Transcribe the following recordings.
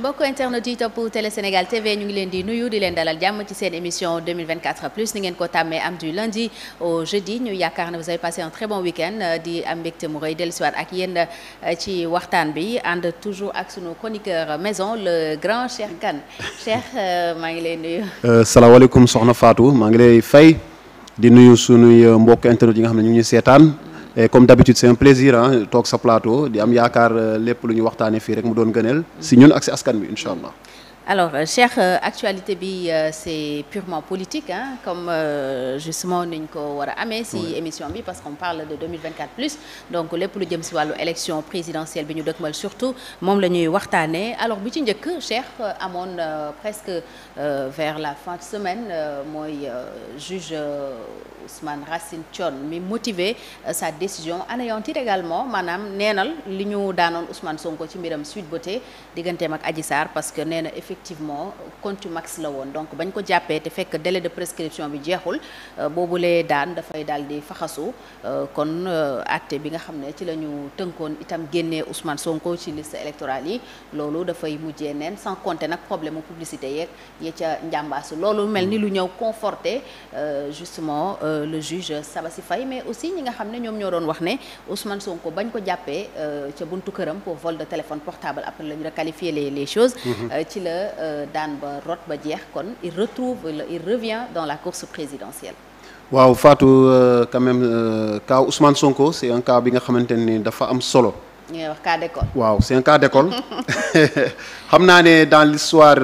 mbokk internet yi topp Télé Sénégal TV ñu ngi leen di nuyu di leen dalal jàmm ci seen émission 2024 plus ni ngeen ko tàmmee am du lundi au jeudi ñu yaakaar ne vous avez passé un très bon week euh, di am mbégte mu rëy dellusiwaat ak yéen euh, ci waxtaan bi ànd toujours ak sunu chroniqueur maison le grand Cheikh Kane Cheikh euh, maa ngi lay nuyu. salaamaaleykum soxna Fatou maa ngi lay fay di nuyu sunuy mbokk internet yi nga xam ne ñu ñu seetaan. et comme d'habitude c'est un plaisir ah toog sa plateau di am yaakaar euh, lépp lu ñu waxtaanee fii rek mu doon gëneel si ñun ak si askan bi incha allah alors euh, Cheikh euh, actualité bi euh, c'est purement politique hein comme justement niñ ko war a amee si émission bi parce qu'on parle de 2024 plus donc lépp lu jëm si wàllu élection présidentielle bi ñu dëkkmal surtout moom la ñuy waxtaanee alors bi ci njëkk Cheikh amoon presque vers la fin de semaine mooy juge Ousmane Racine Thion mi motivé sa décision anéantir également maanaam neenal li ñu daanoon Ousmane Sonko ci mbiram Sweet Beauté digganteem ak Adji parce que nee effectivement contumax la woon donc bañ ko jàppee te fekk délai de prescription bi jeexul euh, boobulee daan dafay daal di faxasu euh, kon euh, acte bi nga xam ne ci la ñu tënkoon itam génnee Ousmane Sonko ci liste électorale yi loolu dafay mujjee neen sans compter nag problème mu publicité yeeg ya ca njàmbaasu loolu mel ni lu ñëw conforter justement le juge Sabassi Faye mais aussi ñi nga xam ne ñoom ñoo doon wax ne Ousmane Sonko bañ ko jàppee ca buntu këram pour vol de téléphone portable la ñu requalifier les les Euh, daan ba rot ba jeex kon il retrouve il revient dans la course présidentielle waaw faatu euh, quand même euh, cas Ousmane Sonko c'est un cas bi nga xamante ni dafa am solo ngay wax cas d'école waaw c'est xam naa ne dans l'histoire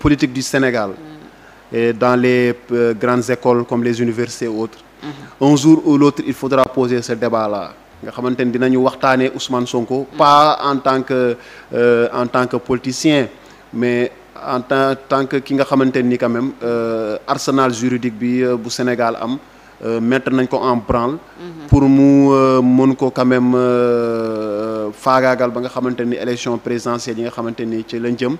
politique du Sénégal mm. dans les euh, grandes écoles comme les universités et autres mm -hmm. un jour ou l'autre il faudra poser ce débat là nga xamante ni dinañu waxtaanee Ousmane Sonko. Mm. pas en tant que euh, en tant que politicien mais en tant tant que ki nga xamante ni quand même euh, arsenal juridique bi euh, bu Sénégal am euh, mettre nañ ko en branle. Mhm. pour mu mën ko quand même faagaagal ba nga xamante ni élection présidentielle yi nga xamante ni ci lañ jëm.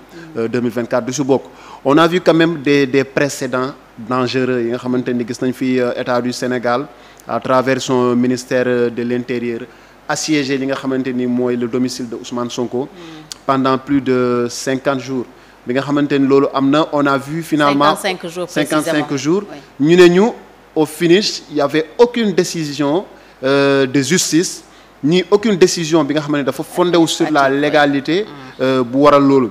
2024 mhm. du si bokk. on a vu quand des des précédents dangereux yi nga xamante ni gis nañ fi état du Sénégal à traversion ministère de l'intérieur. assiégé li nga xamante ni mooy le domicile de Ousmane Sonko. pendant plus de cinquante jours. bi nga xamante ni loolu am na on a vu finalement cinq jours cinquante cinq jours ñu ne ñu au finish il y avait aucune décision euh, de justice ni aucune décision bi nga xam ne dafa fondé wu sur la légalité mm. euh, bu waral loolu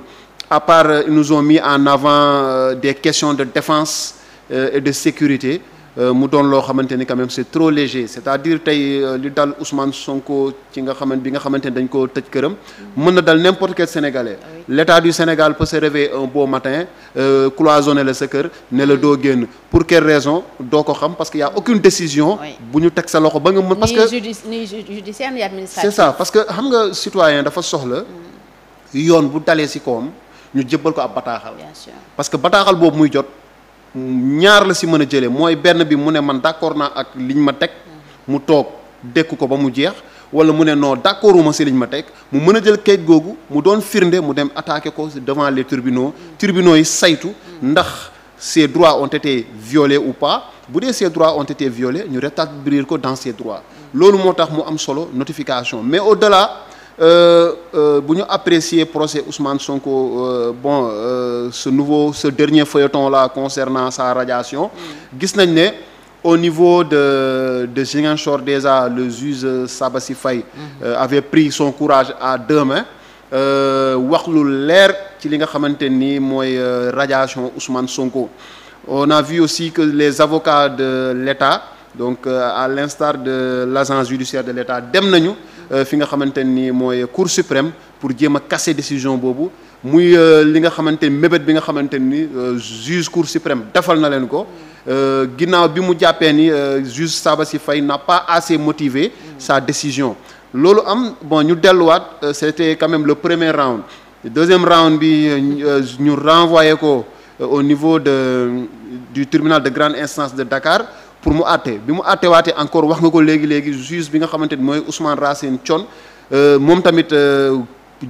à part euh, ils nous ont mis en avant euh, des questions de défense et de sécurité Euh, mu doon loo xamante ni quand même c'est trop léger c'est-à-dire tey euh, li dal Ousmane Sonko ci nga xamante bi nga xamante ni dañ koo tëj këram mën na dal n'importe quel Sénégalais ah l'État du Sénégal peut se réveiller un beau matin euh, cloisonner la sa kër ne la doo génn pour quelle raison doo ko xam parce que y aucune décision bu ñu teg sa loxo ba nga mën parce que ni judiciaire ni administratif c'est que xam nga citoyen dafa soxla mm. yoon bu dalee si kawam ñu jébbal ko ab bataaxal parce que bataaxal boobu muy jot ñaar la si mën a jëlee mooy benn bi mu ne man d'accord naa ak liñ ma teg mu toog dékk ko ba mu jeex wala mu ne non d'accorduma si liñ ma teg mu mën a jël kayit googu mu doon firnde mu dem attaquer ko devant les tribunaux tribunaux yi saytu ndax ces droits ont été violés ou pas bu dee ces droits ont été ñu ñu rétablir ko dans ces droits loolu moo tax mu am solo notification mais au Euh, euh, bu ñu apprécier procès Ousmane Sonko euh, bon ce nouveau ce dernier feuilleton là concernant sa radiation mm. gis nañ ne au niveau de de Ziguinchor déjà le juge Sabassi Faye mm-hmm. avait pris son courage à deux mains wax lu leer ci li nga xamante ni mooy radiation Ousmane Sonko on a vu aussi que les avocats de l'État donc à l'instar de l'agence judiciaire de l'État dem nañu Euh, fi nga xamante ni mooy cour suprême pour jéem a casser décision boobu muy euh, li nga xamante ni mébét bi nga xamante ni euh, juge cour suprême defal na leen ko ginnaaw bi mu jàppee ni juge Sabassi fay n'a pas assez motiver sa décision loolu am bon ñu delluwaat c'était quand même le premier round le deuxième round bi ñu renvoyé ko au niveau de du tribunal de grande instance de Dakar pour mu àtte bi mu àtte waatee encore wax nga ko léegi léegi juge bi nga xamante ni mooy Ousmane Racine Thion euh, moom tamit euh,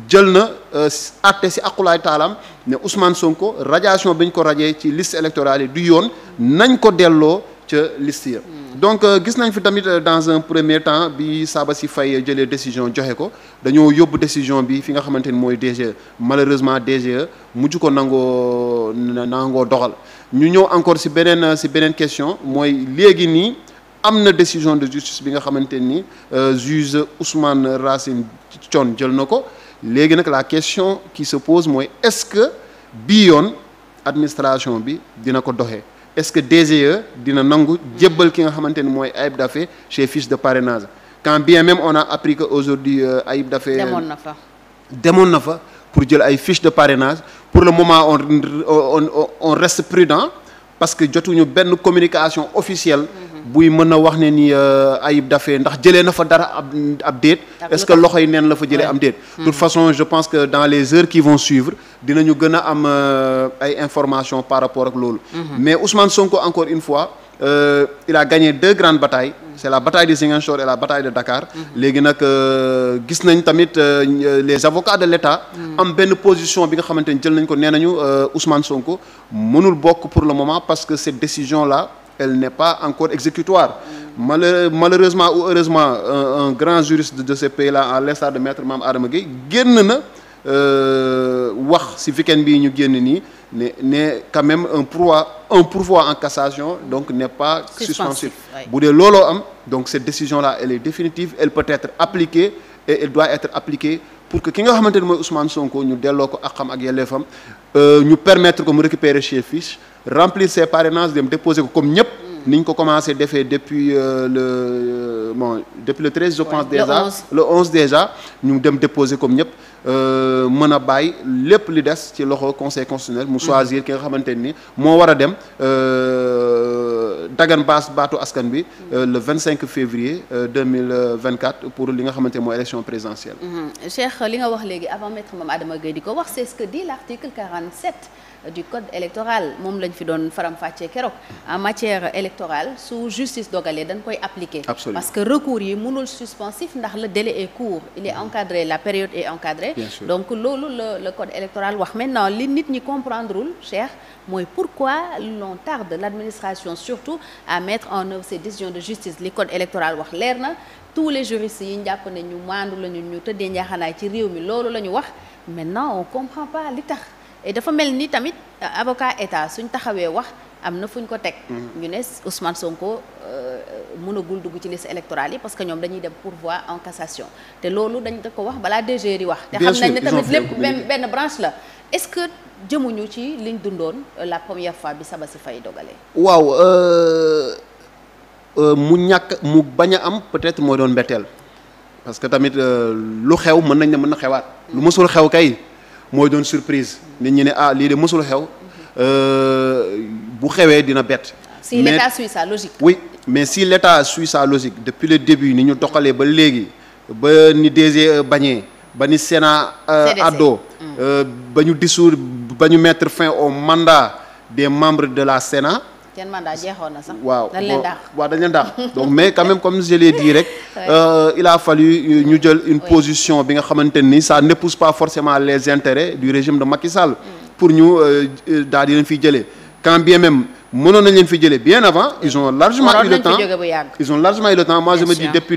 jël na euh, àtte si aqulaay taalam ne Ousmane Sonko radiation bi ñu ko rajee ci liste électorale yi du yoon nañ ko delloo ca liste ya hmm. donc gis nañ fi tamit dans un premier temps bi saaba si Faye jëlee décision joxe ko dañoo yóbbu décision bi fi nga xamante ni mooy DGE malheureusement DGE mujj ko nangoo nangoo doxal ñu ñëw encore ci beneen ci euh, beneen question mooy léegi nii am na décision de justice bi nga xamante ni euh, juge Ousmane Racine Thion jël na ko léegi nag la question qui se pose mooy est-ce que bii yoon administration bi dina ko doxe est-ce que DGE dina nangu jébbal ki nga xamante ni mooy Ayib Daffé chez fiche de parrainage quand bien même on a appris que aujourd'hui euh, Ayib Daffé demoon na fa demoon na fa pour jël ay fiche de parrainage pour le moment on on reste prudent parce que jotuñu benn communication officielle buy mën a wax ne ni euh, Ayib Daffé ndax jële na fa dara ab ab déet est-ce que loxo yi neen la fa jële am déet toute hmm. façon je pense que dans les heures qui vont suivre dinañu gën a am euh, ay informations par rapport ak loolu hmm. mais Ousmane Sonko encore une fois Euh, il a gagné deux grandes batailles c'est la bataille de Ziguinchor et la bataille de Dakar hmm. léegi nag euh, gis nañ tamit les avocats de l'État am benn position bi nga xamante ni jël nañ ko nee nañu Ousmane Sonko mënul bokk pour le moment parce que cette décision là elle n'est pas encore exécutoire. Malheureux, malheureusement ou heureusement un, un grand juriste de ce pays-là à l'instar de maître Mame Adama Gueye génn na euh, wax ci week-end bii ñu génn nii ne ne quand même un pourvoi un pourvoi en cassation donc n'est pas suspensif bu dee looloo am donc cette décision-là elle est définitive elle peut être appliquée et elle doit être appliquée pour que ki nga xamante ni mooy Ousmane Sonko ñu delloo ko ak xam ak yelleefam euh, ñu permettre ko mu récupérer ses fiches remplir ses parrainages dem déposer ko comme ñëpp. ni ñu ko commencé defee depuis euh, le euh, bon depuis le treize je déjà le onze déjà ñu dem déposer comme ñëpp mën a bàyyi lépp li des ci loxo conseil constitutionnel mu mm-hmm. choisir ki nga xamante ni moo war a dem. dagan baas baatu askan bi euh, le 25 février 2024 euh, pour li nga xamante mooy élection présidentielle mhm. Cheikh li nga wax léegi avant maître Mame Adama Gueye di ko wax c'est ce que dit l'article du code électoral moom lañ fi doon faram-fàccee keroog en matière électorale su justice dogalee dañ koy appliquer parce que recours yi mënul suspensif ndax le délai est court il est encadré la période est encadrée donc loolu la code électoral wax maintenant li nit ñi comprendrewul à mettre en œuvre ces décisions de justice li code électoral wax leer na tous les juristes yi ñu ne ñu maandu lañu ñu tëddee njaaxanaay ci réew mi loolu la ñu wax maintenant on comprend pas li tax dafa mel ni tamit euh, avocat état suñ taxawee wax am na fu ñu ko teg. Mm-hmm. ñu ne Ousmane Sonko euh, mënagul dugg ci liste électorale yi parce que ñoom dañuy dem pourvoi en cassation te loolu dañ ko wax balaa DG wax. te xam nañ ne tamit lépp benn branche la est jëmuñu ci liñ dundoon euh, la première fois bi Sabasy Faye dogalee. waaw euh, euh, mu ñàkk mu bañ a am peut-être moo doon mbetteel parce que tamit lu xew mën nañ ne mën na xewaat. lu mësul xew kay mooy doon surprise. nit ñi ne ah lii de mësul xew. bu xewee dina bett. Ah, si l'État suit sa logique. mais si l'État suit sa logique depuis le début ni ñu doxalee ba léegi ba ni DG e bañee ba ni Sénat. addoo mm. ba ñu dissoudre ba ñu mettre fin au mandat des membres de la Sénat. seen mandat na sax. waaw dañ leen daax donc mais quand même comme je l'ai rek. Euh, il a fallu euh, ñu jël une position bi nga xamante ni ça n'épouse pas forcément les intérêts du régime de Macky mm. pour ñu euh, euh, daal di leen fi jëlee quand bien même. mënoon nañ leen fi jëlee bien avant ils ont largement eu le temps ils ont largement eu le temps moi je me dis depuis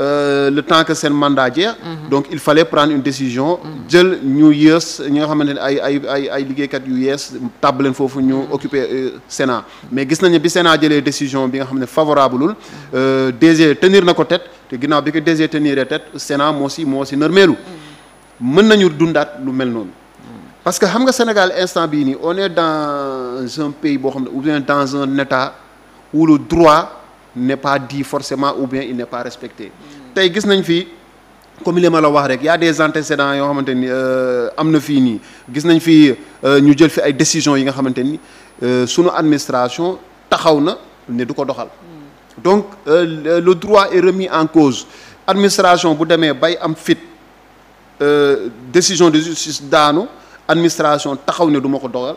Euh, le temps que seen mandat jeex. Mhm. donc il fallait prendre une décision. Mhm. jël ñu yees ñi nga xamante ne ay ay ay ay liggéeykat yu yees tàbb leen foofu ñu mhm. occuper euh, Sénat mais gis nañu bi Sénat jëlee décision bi nga xam ne favorableul euh, DG tenir na ko tête te ginnaaw bi ko DG tenir tête Sénat moo si moo si nërmeelu mën nañu dundaat lu mel noonu. parce que xam nga Sénégal instant bii nii on est dans un pays boo xam ne ou bien dans un état où droit. n'est pas dit forcément ou bien il n'est pas respecté tey gis nañ fi comme li ma la wax rek y a des antécédents yoo xamante ni euh, am na fii nii gis nañ fi euh, ñu jël fi ay décisions yi nga xamante ni euh, sunu administration taxaw na ne du ko doxal donc euh, le droit est remis en cause administration bu demee bay am fit décision de justice daanu administration taxaw ne duma ko doxal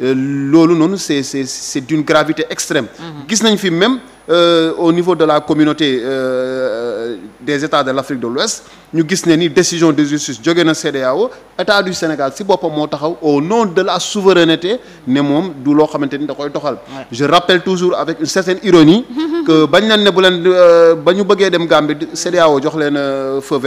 Euh, loolu noonu c'est c'est c'est d'une gravité extrême mhm. gis nañ fi même euh, au niveau de la communauté euh, euh, des états de l'Afrique de l'Ouest ñu gis ne ni décision de justice jóge na CEDEAO état du Sénégal si boppam moo taxaw au non de la souveraineté ne moom du loo xamante ni da koy doxal je rappelle toujours avec une certaine ironie que bañ nañ ne bu leen euh, ba ñu bëggee dem Gambie CEDEAO jox leen feu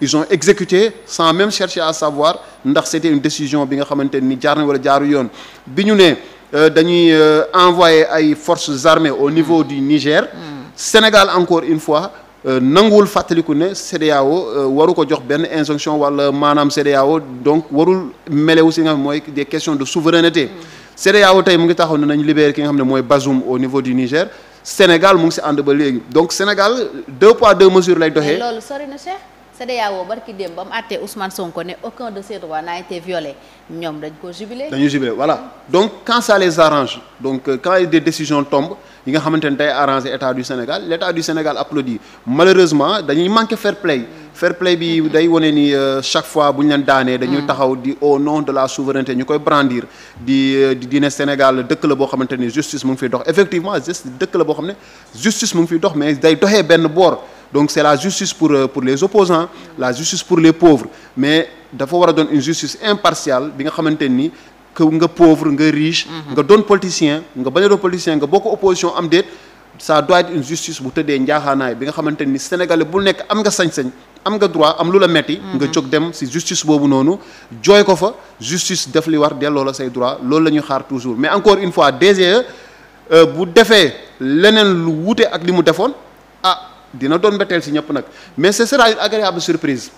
ils ont exécuté sans même chercher à savoir ndax c'était une décision bi nga xamante ni jaar na wala jaaru yoon bi ñu nee euh, dañuy euh, envoyer ay forces armées au niveau du Niger mm. Sénégal encore une fois euh, nanguwul fàttaliku ne CEDEAO waru ko jox benn injonction wala maanaam CEDEAO donc warul melewu si nga xam mooy des questions de souveraineté mm. CEDEAO tey mu ngi taxaw ne nañ libéré ki nga xam ne mooy Bazoum au niveau du Niger Sénégal mu ngi si ànd ba léegi donc Sénégal deux poids deux mesures lay doxee. loolu CEDEAO barki démb ba mu àttee Ousmane Sonko ne aucun de ses droits n'a été violé ñoom dañ ko jubilé. dañu jubilé voilà donc quand ça les arrange donc euh, quand des décisions tombent yi nga xamante ne day arrangé état du Sénégal l' état du Sénégal applaudit malheureusement dañuy manqué fair play. fair play bi day wane ni euh, chaque fois bu ñu leen daanee. dañuy mm. taxaw di au nom de la souveraineté ñu koy brandir. Euh, di di ne Sénégal dëkk la boo xamante ni justice mu ngi fiy dox effectivement dëkk la boo xam ne justice mu ngi fiy dox mais day doxee benn boor. donc c'est la justice pour euh, pour les opposants la justice pour les pauvres mais dafa war a doon une justice impartiale bi nga xamante ni que nga pauvre nga riche mhm. nga doon politicien nga bañ a doon politicien nga bokk opposition am déet sa doit être une justice bu tëddee njaaxaanaay bi nga xamante ni sénégalais bu nekk am nga sañ-sañ am nga droit am lu la metti mhm. nga jóg dem si justice boobu noonu jooy ko fa justice def li war delloo la say droit loolu la ñuy xaar toujours mais encore une fois DGE euh, bu defee leneen lu wuute ak li mu defoon dina doon mbetteel si ñëpp nag mais ce sera une agréable surprise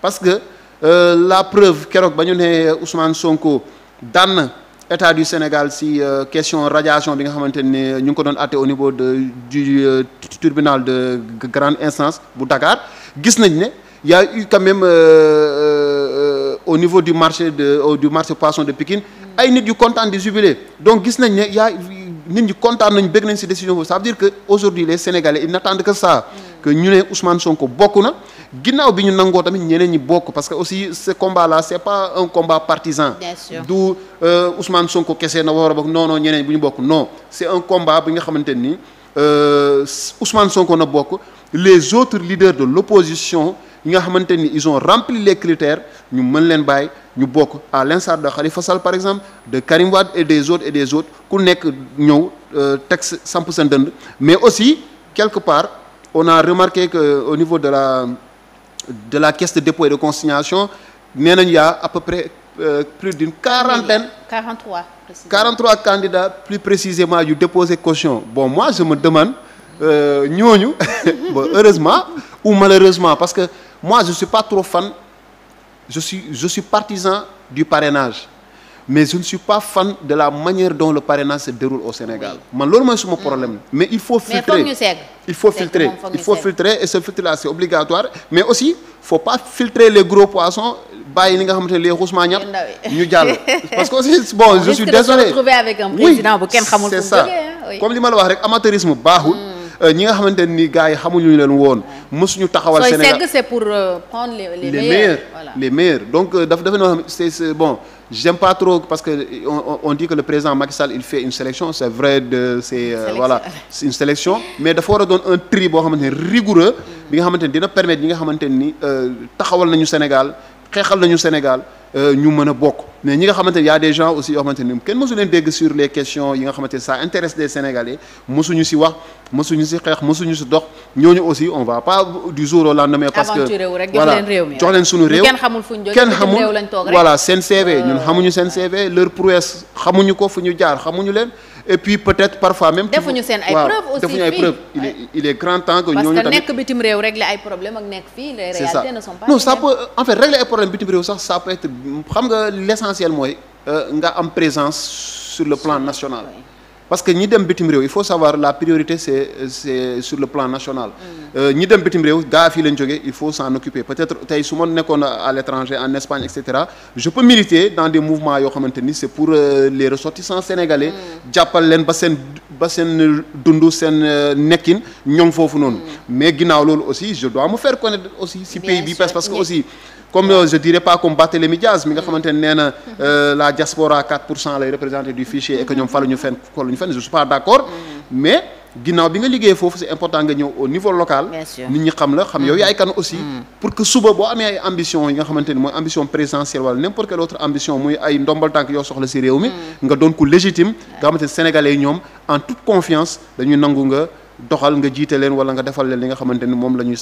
parce que euh, la preuve keroog ba ñu ne euh, Ousmane Sonko daan na état du Sénégal si euh, question radiation bi nga xamante ne euh, ñu ngi ko doon àtte au niveau de du euh, tribunal de grande instance bu Dakar gis nañ ne y a eu quand même au niveau du marché de au du marché poisson de Pikine mm. ay nit yu kontaan di jubilé donc gis nañ ne y nit ñi kontaan nañu bëgg nañ ci décision boobu ça veut dire que aujourd'hui les sénégalais ils n'attendent que ça mm. que ñu ne Ousmane Sonko bokk na ginnaaw bi ñu nangoo tamit ñeneen ñi bokk parce que aussi ce combat là c'est pas un combat partisan du euh, Ousmane Sonko kese na war a bokk non non ñeneen bu ñu bokk non c'est un combat bi nga xamante ni euh, Ousmane Sonko na bokk les autres leaders de l'opposition ñi nga xamante ni ils ont rempli les critères ñu mën leen bàyyi ñu bokk à l'instar de Khalifa Sall par exemple de Karim Wade et des autres et des autres ku nekk ñëw euh, teg samp seen dënd mais aussi quelque part on a remarqué que au niveau de la de la caisse de dépôt et de consignation nee nañu yaa à peu près Euh, plus d'une quarantaine 43 précisément 43 candidats plus précisément yu déposé caution bon moi je me demande euh, ñooñu euh, bon heureusement ou malheureusement parce que moi je suis pas trop fan je suis je suis partisan du parrainage mais je ne suis pas fan de la manière dont le parrainage se déroule au Sénégal man loolu mooy suma mm. problème mais il faut filtrer il faut filtrer il faut filtrer et là c'est obligatoire mais aussi faut pas filtrer les gros poissons bàyyi li nga xamante ne les xuusmaa ñap ñu jàll parce que bon je suis désolé oui c'est comme li ma la wax rek amateurisme baaxul mm. Euh, ñi nga xamante ni gars yi xamuñu leen woon mësuñu taxawal Sénégal sooy segg c'est pour euh, prendre les meilleurs les meilleurs donc euh, daf dafa noo xam c'est bon j'aime pas trop parce que on, on dit que le président Macky Sall il fait une sélection c'est vrai de c'est euh, voilà c'est une sélection mais dafa war a doon un tri boo xamante ne rigoureux bi nga xamante ne dina permettre ñi nga xamante ni taxawal nañu Sénégal xeexal nañu Sénégal Euh, ñu mën a bokk mais ñi nga xamante y a des gens aussi yoo xamante ni kenn mësu leen dégg sur les questions yi nga xamante ça intéresse des Sénégalais mësuñu si wax mësuñu si xeex mësuñu si dox ñu aussi on va pas du jour au lendemain parce que voilà jox leen suñu réew kenn xamul voilà seen CV ñun euh, xamuñu seen CV leur prouesse xamuñu ko fu ñu jaar xamuñu leen et puis peut-être parfois même. defuñu seen ay preuves aussi defuñu ay preuves il est grand temps que. nekk bitim réew régler ay problèmes ak nekk fii les réalités ne sont pas. non ça peut en fait régler ay problèmes bitim réew sax ça peut être xam nga l'essentiel mooy euh, nga am présence sur le plan national. parce que ñi dem bitim réew il faut savoir la priorité c'est sur le plan national mm. euh, ñi dem bitim réew gaa fii lañ jógee il faut s'en occuper peut-être tey su ma nekkoon à l'étranger en Espagne etc je peux militer dans des mouvements yoo xamante ni c'est pour euh, les ressortissants sénégalais mm. jàppal leen ba seen ba seen dund seen euh, nekkin ñoŋ foofu noonu mm. mais ginnaaw loolu aussi je dois me faire connaître aussi si pays bi parce que aussi comme euh, je dirais pas comme Barthélémy Diaz mi nga xamante ne nee na euh, la diaspora lay représenté du fichier et que ñoom faluñu fenn faluñu fenn je suis pas d' accord mm-hmm. mais ginnaaw bi nga liggéey foofu c'est important nga ñëw au niveau local nit ñi xam la xam yow yaay kan mm-hmm. aussi mm-hmm. pour que suba boo amee ay ambition yi nga xamante mooy ambition présidentielle wala n'importe quelle autre ambition muy ay ndombal tànk yoo soxla si réew mi nga doon ko légitime nga xamante moom la ñuy